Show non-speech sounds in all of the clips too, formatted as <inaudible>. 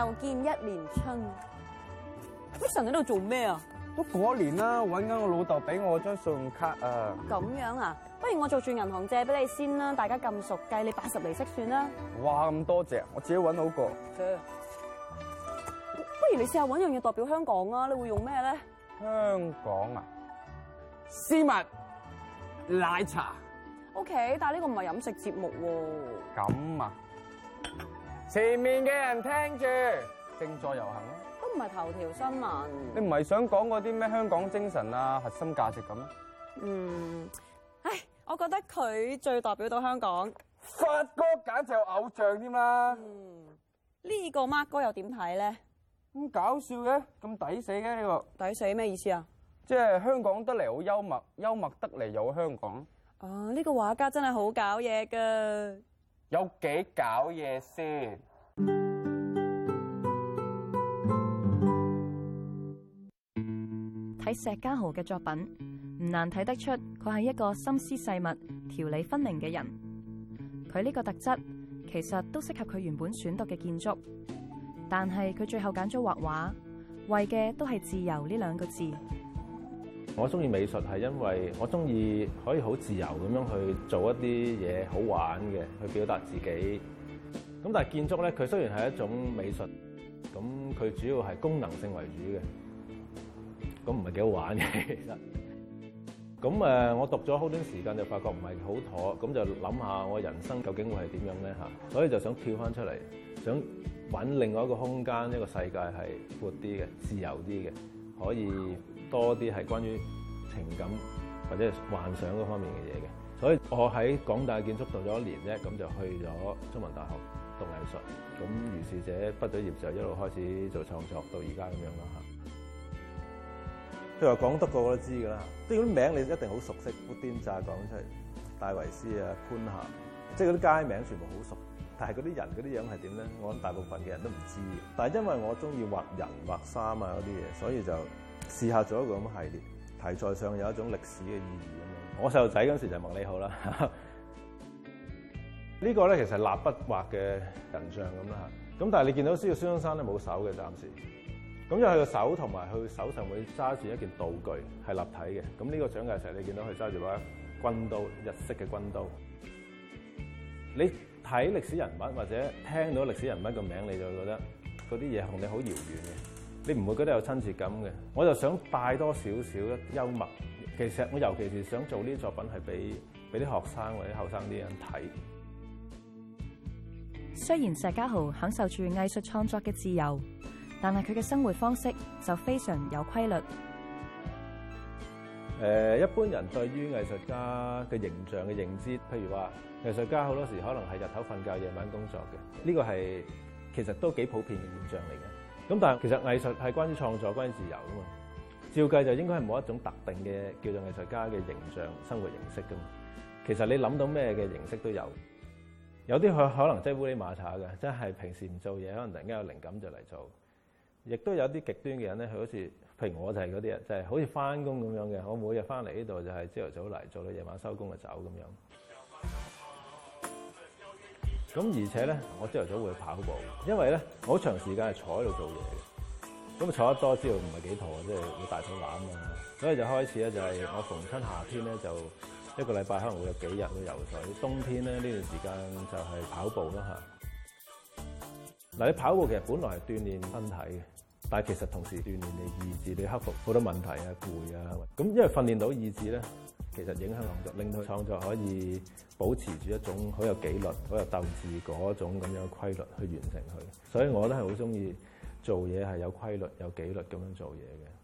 又見一年春，Mason 喺度做咩啊？都過年啦，揾緊我老豆俾我張信用卡啊！咁、呃、樣啊？不如我做住銀行借俾你先啦，大家咁熟，計你八十釐息算啦。哇，咁多謝，我自己揾好過。不如你試下揾一樣嘢代表香港啊？你會用咩咧？香港啊，絲襪奶茶。O、okay, K，但係呢個唔係飲食節目喎。咁啊？前面嘅人聽住，正在遊行咯，都唔係頭條新聞。你唔係想講嗰啲咩香港精神啊、核心價值咁啊？嗯，唉，我覺得佢最代表到香港，發哥簡直偶像添啦。嗯，呢個孖哥又點睇咧？咁搞笑嘅，咁抵死嘅呢個，抵死咩意思啊？即係香港得嚟好幽默，幽默得嚟又好香港。啊，呢個畫家真係好搞嘢噶。有幾搞嘢先？睇石家豪嘅作品，唔難睇得出佢係一個心思細密、條理分明嘅人。佢呢個特質其實都適合佢原本選讀嘅建築，但係佢最後揀咗畫畫，為嘅都係自由呢兩個字。我中意美術係因為我中意可以好自由咁樣去做一啲嘢好玩嘅，去表達自己。咁但係建築咧，佢雖然係一種美術，咁佢主要係功能性為主嘅，咁唔係幾好玩嘅其實。咁誒，我讀咗好短時間就發覺唔係好妥，咁就諗下我人生究竟會係點樣咧嚇？所以就想跳翻出嚟，想搵另外一個空間，一個世界係闊啲嘅、自由啲嘅，可以。多啲係關於情感或者幻想嗰方面嘅嘢嘅，所以我喺港大建築讀咗一年呢，咁就去咗中文大學讀藝術。咁於是者畢咗業就一路開始做創作到，到而家咁樣啦嚇。譬如話港督個個都知㗎啦，即係啲名你一定好熟悉，砵甸乍講出嚟，戴維斯啊、般咸，即係嗰啲街名全部好熟。但係嗰啲人嗰啲樣係點咧？我諗大部分嘅人都唔知嘅。但係因為我中意畫人畫衫啊嗰啲嘢，所以就。試下做一個咁系列，題材上有一種歷史嘅意義咁樣。我細路仔嗰時就問你好啦。呢、這個咧其實立筆畫嘅人像咁啦，咁但係你見到孫中山咧冇手嘅暫時。咁因為佢手同埋佢手上面揸住一件道具係立體嘅。咁、這、呢個蔣介石你見到佢揸住把軍刀，日式嘅軍刀。你睇歷史人物或者聽到歷史人物嘅名字，你就會覺得嗰啲嘢同你好遙遠嘅。你唔會覺得有親切感嘅，我就想帶多少少幽默。其實我尤其是想做呢啲作品係俾俾啲學生或者後生啲人睇。雖然石家豪享受住藝術創作嘅自由，但係佢嘅生活方式就非常有規律。呃，一般人對於藝術家嘅形象嘅認知，譬如話藝術家好多時可能係日頭瞓覺，夜晚工作嘅，呢個係其實都幾普遍嘅現象嚟嘅。咁但係其實藝術係關於創作、關於自由噶嘛，照計就應該係冇一種特定嘅叫做藝術家嘅形象、生活形式噶嘛。其實你諗到咩嘅形式都有，有啲佢可能真係烏哩馬叉嘅，真係平時唔做嘢，可能突然間有靈感就嚟做，亦都有啲極端嘅人咧，佢好似譬如我就係嗰啲啊，就係、是、好似翻工咁樣嘅，我每日翻嚟呢度就係朝頭早嚟做到夜晚收工就走咁樣。咁而且咧，我朝頭早會跑步，因為咧我好長時間係坐喺度做嘢嘅，咁坐得多之後唔係幾妥嘅，即係會大肚腩啊，所以就開始咧就係、是、我逢親夏天咧就一個禮拜可能會有幾日會游水，冬天咧呢段時間就係跑步啦吓，嗱，你跑步其實本來係鍛鍊身體嘅，但係其實同時鍛鍊你意志，你克服好多問題啊、攰啊，咁因為訓練到意志咧。其實影響創作，令到創作可以保持住一種好有紀律、好有鬥志嗰種咁樣規律去完成佢。所以我都係好鍾意做嘢係有規律、有紀律咁樣做嘢嘅。誒、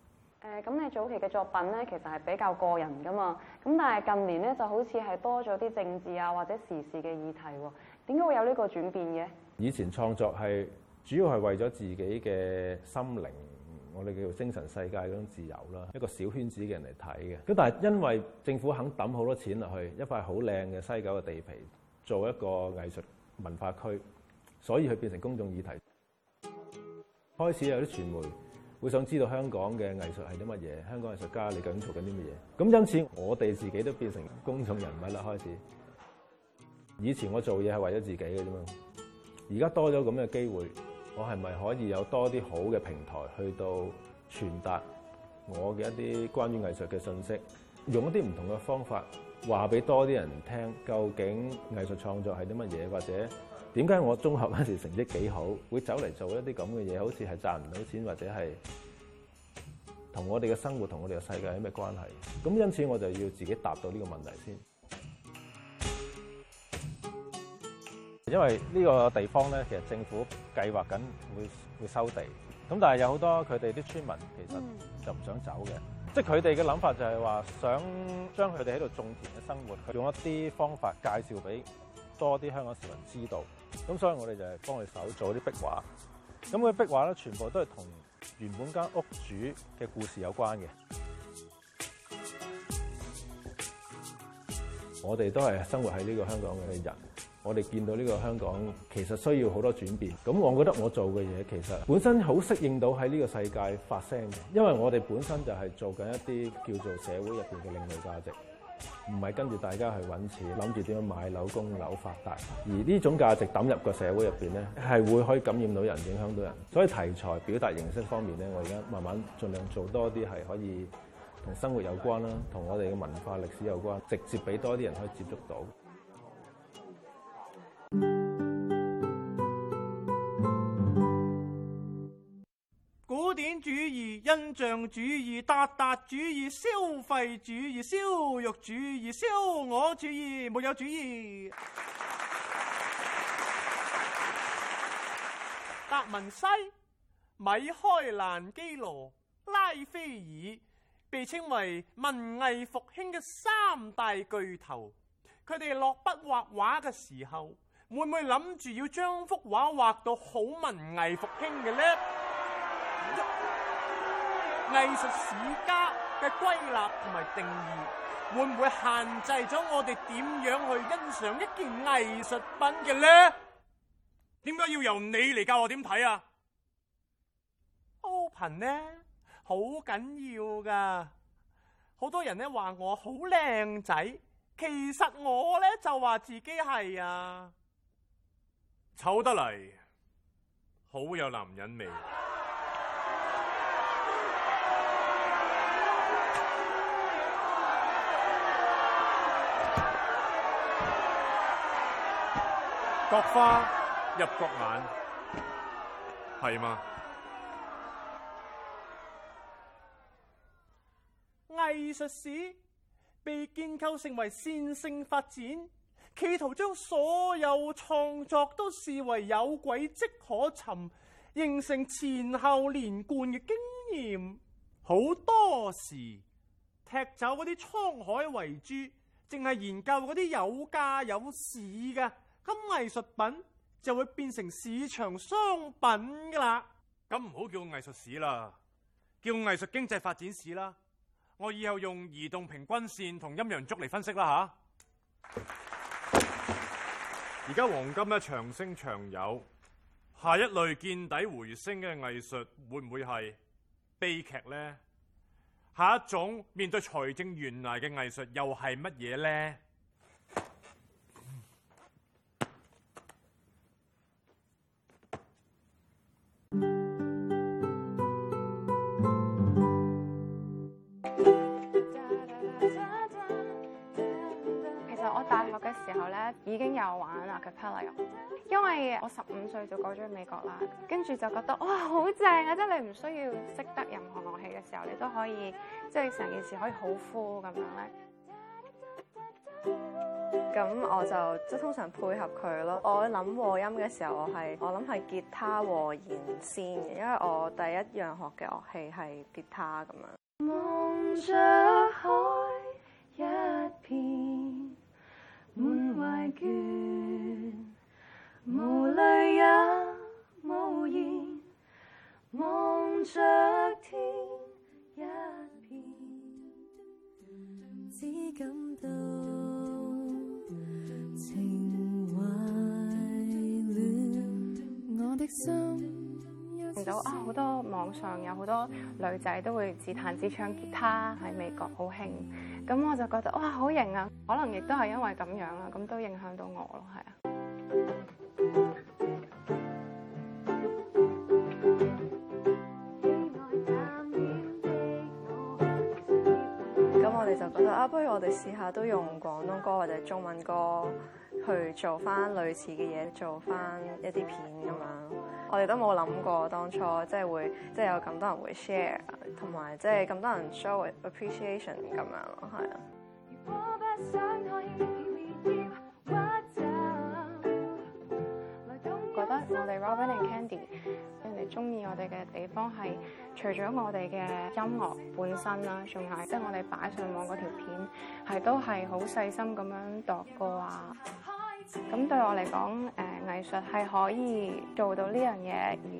嗯，咁你早期嘅作品咧，其實係比較個人㗎嘛。咁但係近年咧，就好似係多咗啲政治啊或者時事嘅議題喎、啊。點解會有呢個轉變嘅？以前創作係主要係為咗自己嘅心靈。我哋叫做精神世界嗰種自由啦，一個小圈子嘅人嚟睇嘅。咁但係因為政府肯抌好多錢落去一塊好靚嘅西九嘅地皮，做一個藝術文化區，所以佢變成公眾議題。開始有啲傳媒會想知道香港嘅藝術係啲乜嘢，香港藝術家你究竟做緊啲乜嘢？咁因此我哋自己都變成公眾人物啦。開始以前我做嘢係為咗自己嘅啫嘛，而家多咗咁嘅機會。我係咪可以有多啲好嘅平台去到傳達我嘅一啲關於藝術嘅信息？用一啲唔同嘅方法話俾多啲人聽，究竟藝術創作係啲乜嘢？或者點解我中學嗰時成績幾好，會走嚟做一啲咁嘅嘢，好似係賺唔到錢，或者係同我哋嘅生活同我哋嘅世界有咩關係？咁因此我就要自己答到呢個問題先。因為呢個地方咧，其實政府計劃緊會會收地，咁但係有好多佢哋啲村民其實就唔想走嘅，即係佢哋嘅諗法就係話想將佢哋喺度種田嘅生活，佢用一啲方法介紹俾多啲香港市民知道，咁所以我哋就係幫佢手做啲壁畫，咁佢壁畫咧，全部都係同原本間屋主嘅故事有關嘅，我哋都係生活喺呢個香港嘅人。我哋見到呢個香港其實需要好多轉變，咁我覺得我做嘅嘢其實本身好適應到喺呢個世界發聲嘅，因為我哋本身就係做緊一啲叫做社會入面嘅另類價值，唔係跟住大家去揾錢，諗住點樣買樓供樓發達。而呢種價值抌入個社會入面咧，係會可以感染到人，影響到人。所以題材表達形式方面咧，我而家慢慢盡量做多啲係可以同生活有關啦，同我哋嘅文化歷史有關，直接俾多啲人可以接觸到。古典主義、印象主義、達達主義、消費主義、消肉主義、消我主義，沒有主義。達文西、米開蘭基羅、拉斐爾被稱為文藝復興嘅三大巨頭。佢哋落筆畫畫嘅時候。會唔會諗住要將幅畫畫到好文藝復興嘅咧？ <noise> 藝術史家嘅歸納同埋定義會唔會限制咗我哋點樣去欣賞一件藝術品嘅咧？點解要由你嚟教我點睇啊？Open 呢好緊要㗎，好多人呢話我好靚仔，其實我呢就話自己係啊。醜得嚟，好有男人味。各花入各眼，係嘛？藝術史被建構成為線性發展。企圖將所有創作都視為有軌跡可尋，形成前後連貫嘅經驗。好多時踢走嗰啲滄海遺珠，淨係研究嗰啲有價有市嘅，咁藝術品就會變成市場商品噶啦。咁唔好叫藝術史啦，叫藝術經濟發展史啦。我以後用移動平均線同陰陽燭嚟分析啦吓。啊而家黃金咧長升長有，下一類見底回升嘅藝術會唔會係悲劇咧？下一種面對財政懸崖嘅藝術又係乜嘢咧？嘅時候咧，已經有玩 acapella，因為我十五歲就過咗去了美國啦，跟住就覺得哇好正啊！即係你唔需要識得任何樂器嘅時候，你都可以即係成件事可以好酷咁樣咧。咁我就即係通常配合佢咯。我諗和音嘅時候，我係，我係我諗係吉他和弦先嘅，因為我第一樣學嘅樂器係吉他咁樣。望着海一片。滿懷倦，無淚也無言望著天一片。只感到情懷亂，我的心。見到啊，好多網上有好多女仔都會自彈自唱吉他，喺美國好興。咁我就覺得嘩，好型啊！可能亦都係因為咁樣啦，咁都影響到我囉，係呀。不如我哋試下都用廣東歌或者中文歌去做翻類似嘅嘢，做翻一啲片咁樣。我哋都冇諗過當初即係會，即係有咁多人會 share，同埋即係咁多人 show appreciation 咁樣咯，係啊。覺得我哋 Robynn and Kendy。你中意我哋嘅地方係，除咗我哋嘅音樂本身啦，仲係即係我哋擺上網嗰條片，係都係好細心咁樣度過啊。咁對我嚟講，誒藝術係可以做到呢樣嘢，而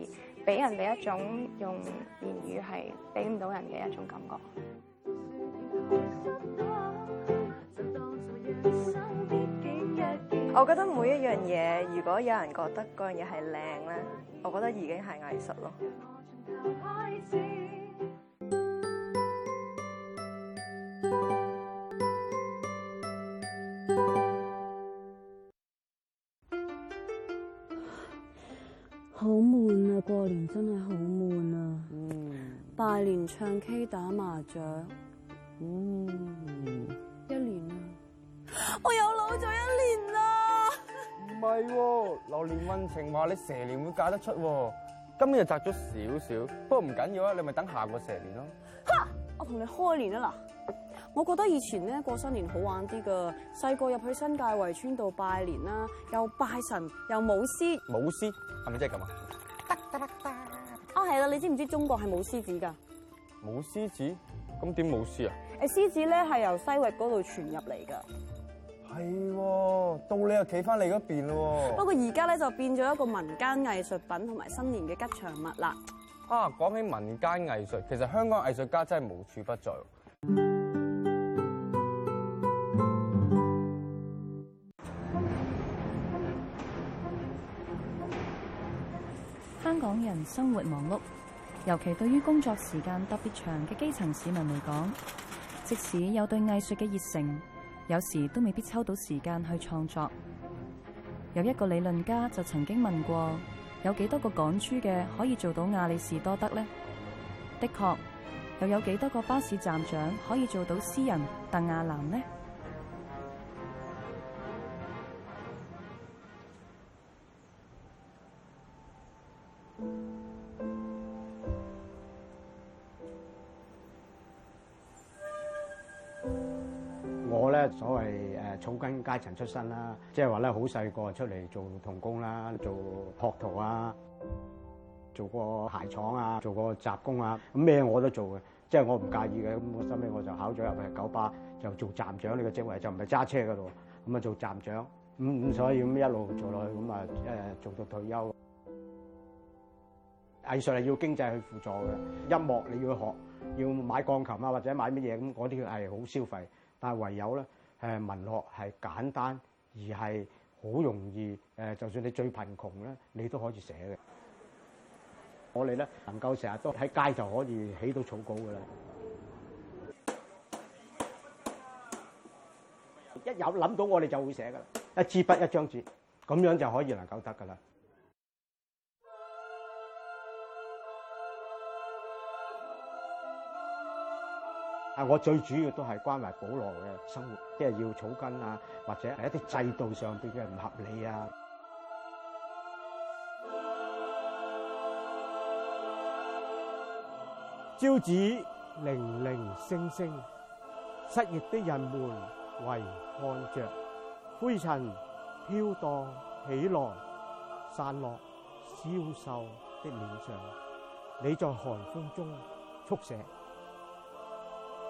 俾人哋一種用言語係俾唔到人嘅一種感覺。我覺得每一樣嘢，如果有人覺得嗰樣嘢係靚咧，我覺得已經係藝術咯。好悶啊！過年真係好悶啊！嗯，拜年、唱 K、打麻將，嗯，一年啊，我有。係、啊，榴蓮問情話你蛇年會嫁得出、啊？今日窒咗少少，不過唔緊要啊，你咪等下個蛇年咯。吓，我同你開年啊，嗱，我覺得以前咧，過新年好玩啲噶細個入去新界圍村度拜年啦，又拜神又舞獅，舞獅係咪即係咁啊？得得得！噠！哦，係啦，你知唔知中國係冇獅子噶？冇獅子咁點舞獅啊？誒，獅子咧係由西域嗰度傳入嚟噶。係喎、哦，到你又企翻你嗰邊咯喎。不過而家咧就變咗一個民間藝術品同埋新年嘅吉祥物啦。啊，講起民間藝術，其實香港藝術家真係無處不在。香港人生活忙碌，尤其對於工作時間特別長嘅基層市民嚟講，即使有對藝術嘅熱誠，有時都未必抽到時間去創作。有一個理論家就曾經問過：有幾多個港珠嘅可以做到亞里士多德呢？的確，又有幾多個巴士站長可以做到詩人鄧阿藍呢？草根階層出身啦，即係話咧，好細個出嚟做童工啦，做學徒啊，做過鞋廠啊，做過雜工啊，咁咩我都做嘅，即係我唔介意嘅。咁我收屘我就考咗入去九巴，就做站長呢個職位就，就唔係揸車噶咯。咁啊做站長，咁所以咁一路做落去，咁啊誒做到退休。藝術係要經濟去輔助嘅，音樂你要學，要買鋼琴啊或者買乜嘢咁，嗰啲係好消費。但係唯有咧。誒文學係簡單，而係好容易。誒就算你最貧窮咧，你都可以寫嘅。我哋咧能夠成日都喺街就可以起到草稿嘅啦。一有諗到，我哋就會寫嘅啦。一支筆，一張紙，咁樣就可以能夠得嘅啦。啊！我最主要都係關懷保羅嘅生活，即係要草根啊，或者係一啲制度上邊嘅唔合理啊。招子零零星星，失業的人們圍看着灰塵飄蕩起來，散落消瘦的臉上，你在寒風中速寫。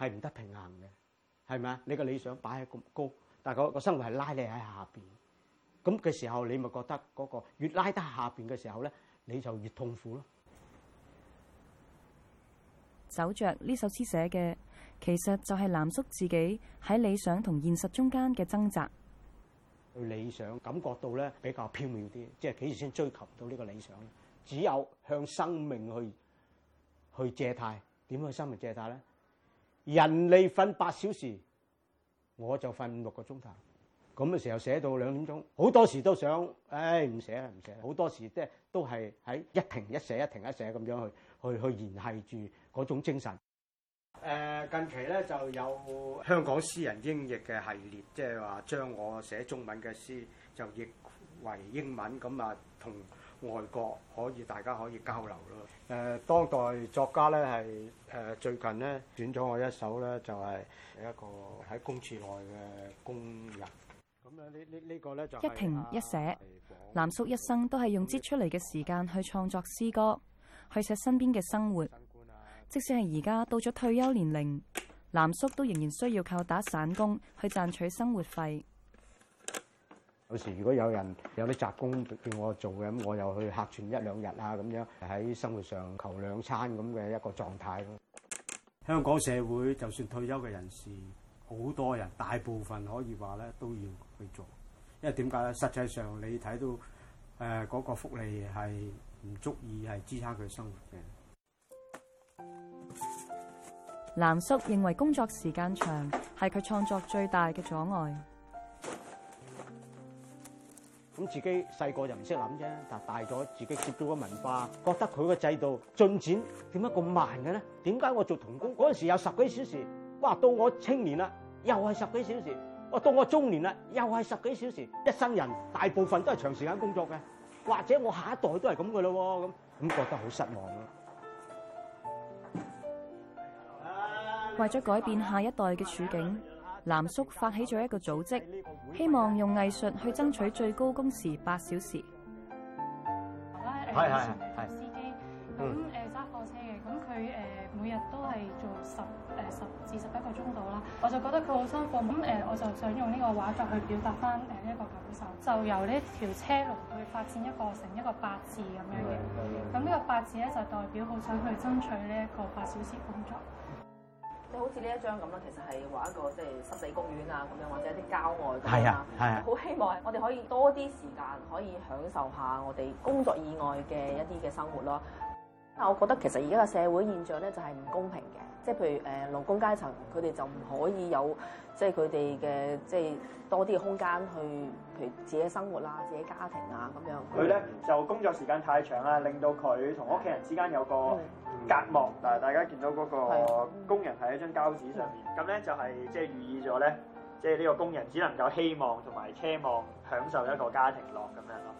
係唔得平衡嘅，係咪啊？你個理想擺喺咁高，但係個生活係拉你喺下邊咁嘅時候，你咪覺得嗰個越拉得下邊嘅時候咧，你就越痛苦咯。走着呢首詩寫嘅，其實就係藍叔自己喺理想同現實中間嘅掙扎。理想感覺到咧比較縹緲啲，即係幾時先追求到呢個理想？只有向生命去去借貸，點去生命借貸咧？人哋瞓八小時，我就瞓六個鐘頭。咁嘅時候寫到兩點鐘，好多時都想，唉、哎、唔寫啦唔寫啦。好多時即係都係喺一停一寫一停一寫咁樣去去去延續住嗰種精神。誒，近期咧就有香港詩人英譯嘅系列，即係話將我寫中文嘅詩就譯為英文，咁啊同。外國可以大家可以交流咯。誒、呃，當代作家咧係誒最近呢，選咗我一首咧就係、是、一個喺公廁外嘅工人。咁樣呢呢呢個咧就、啊、一停一寫。藍叔一生都係用擠出嚟嘅時間去創作詩歌，去寫身邊嘅生活。啊、即使係而家到咗退休年齡，藍叔都仍然需要靠打散工去賺取生活費。有時如果有人有啲雜工叫我做嘅，咁我又去客串一兩日啊，咁樣喺生活上求兩餐咁嘅一個狀態咯。香港社會就算退休嘅人士好多人，大部分可以話咧都要去做，因為點解咧？實際上你睇到誒嗰個福利係唔足以係支撐佢生活嘅。藍叔認為工作時間長係佢創作最大嘅阻礙。咁自己細個就唔識諗啫，但大咗自己接觸嘅文化，覺得佢嘅制度進展點解咁慢嘅咧？點解我做童工嗰陣時有十幾小時，哇！到我青年啦，又係十幾小時；我到我中年啦，又係十幾小時。一生人大部分都係長時間工作嘅，或者我下一代都係咁嘅咯，咁咁覺得好失望咯。為咗改變下一代嘅處境。藍叔發起咗一個組織，希望用藝術去爭取最高工時八小時是。係係係。司機，咁誒揸貨車嘅，咁佢誒每日都係做十誒十至十一個鐘度啦。我就覺得佢好辛苦，咁誒我就想用呢個畫作去表達翻誒呢個感受，就由呢條車路去發展一個成一個八字咁樣嘅，咁呢個八字咧就代表好想去爭取呢一個八小時工作。就好似呢一張咁啦，其實係畫一個即係濕地公園啊咁樣，或者一啲郊外咁啊。係啊，係啊，好希望我哋可以多啲時間，可以享受下我哋工作以外嘅一啲嘅生活咯。但我覺得其實而家嘅社會現象咧，就係唔公平嘅。即係譬如誒勞工階層，佢哋就唔可以有即係佢哋嘅即係多啲嘅空間去，譬如自己生活啦、自己家庭啊咁樣。佢咧就工作時間太長啦，令到佢同屋企人之間有個。隔膜，但係大家見到嗰個工人喺一張膠紙上面，咁咧就係即係寓意咗咧，即係呢個工人只能夠希望同埋奢望享受一個家庭樂咁樣咯。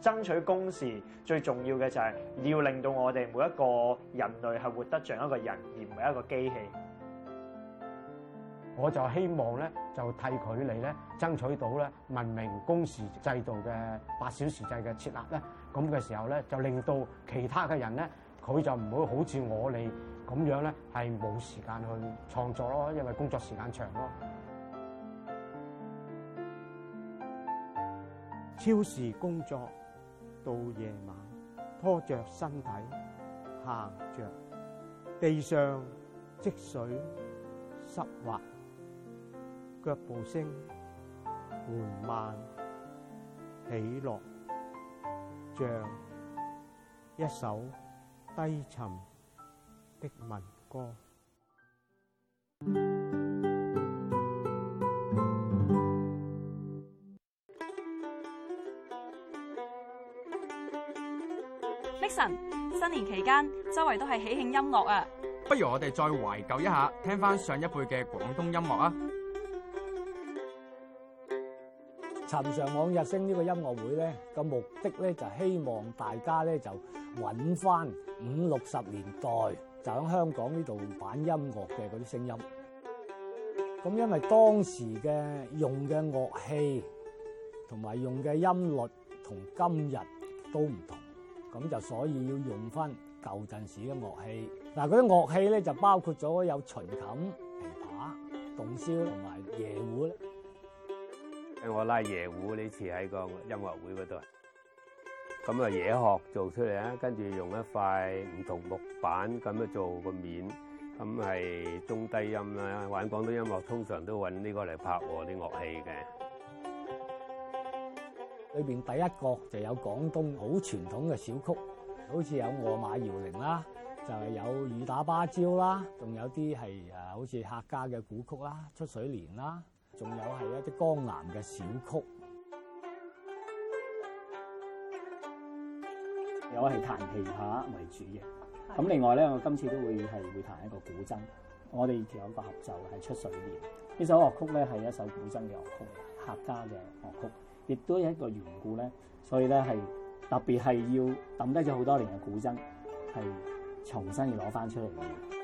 爭取工時最重要嘅就係、是、要令到我哋每一個人類係活得像一個人，而唔係一個機器。我就希望咧，就替佢哋咧爭取到咧文明工時制度嘅八小時制嘅設立咧，咁、那、嘅、個、時候咧就令到其他嘅人咧。佢就唔會好似我哋咁樣呢，係冇時間去創作囉，因為工作時間長囉。超時工作到夜晚，拖着身體行着，地上積水濕滑，腳步聲緩慢起落，像一首，低沉的民歌。Listen，新年期間，周圍都係喜慶音樂啊！不如我哋再懷舊一下，聽翻上上一輩嘅廣東音樂啊！尋常往日聲呢個音樂會咧，個目的咧就希望大家咧就揾翻五六十年代就喺香港呢度玩音樂嘅嗰啲聲音。咁因為當時嘅用嘅樂器同埋用嘅音律同今日都唔同，咁就所以要用翻舊陣時嘅樂器。嗱，嗰啲樂器咧就包括咗有秦琴、琵琶、洞簫同埋椰胡。我拉椰胡呢次喺個音樂會嗰度，咁啊野學做出嚟啊，跟住用一塊唔同木板咁樣做個面，咁係中低音啦。玩廣東音樂通常都搵呢個嚟拍和啲樂器嘅。裏邊第一個就有廣東好傳統嘅小曲，好似有《餓馬搖鈴》啦，就係有《雨打芭蕉》啦，仲有啲係誒好似客家嘅古曲啦，《出水蓮》啦。仲有係一啲江南嘅小曲，有係彈琵琶為主嘅。咁另外咧，我今次都會係會彈一個古箏。我哋有嘅合奏係《出水蓮》呢首樂曲咧，係一首古箏嘅樂曲，客家嘅樂曲，亦都有一個緣故咧，所以咧係特別係要抌低咗好多年嘅古箏，係重新要攞翻出嚟。